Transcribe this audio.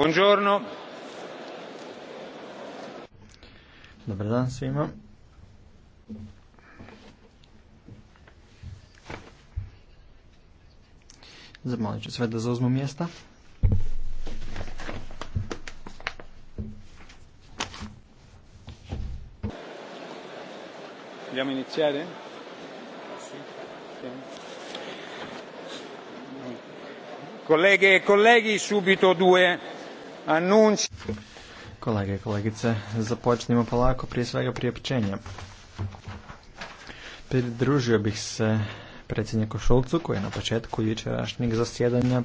Buongiorno. Dobar dan svima. Zamolit ću sve da zauzmu mjesta. Vogliamo iniziare? Colleghe e colleghi, subito due Anunci. Kolege i kolegice, započnimo polako prije svega priopćenja. Pridružio bih se predsjedniku Šulcu koji je na početku jučerašnjeg zasjedanja